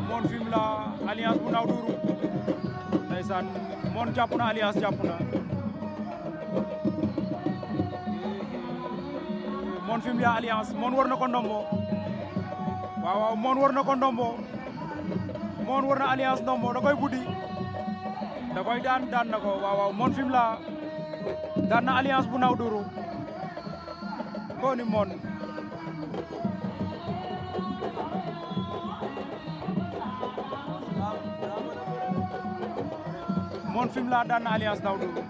moon fim la alliance bu naaw duuru ndeysaan moon jàpp na alliance jàpp na moon fim la alliance moon war na ko ndombo waaw moon war na ko ndombo moon war na alliance ndombo da koy buddi da koy daan daan na ko waaw moon fim la daan na alliance bu naw duuru ko moon moon film la dan alliance Daouda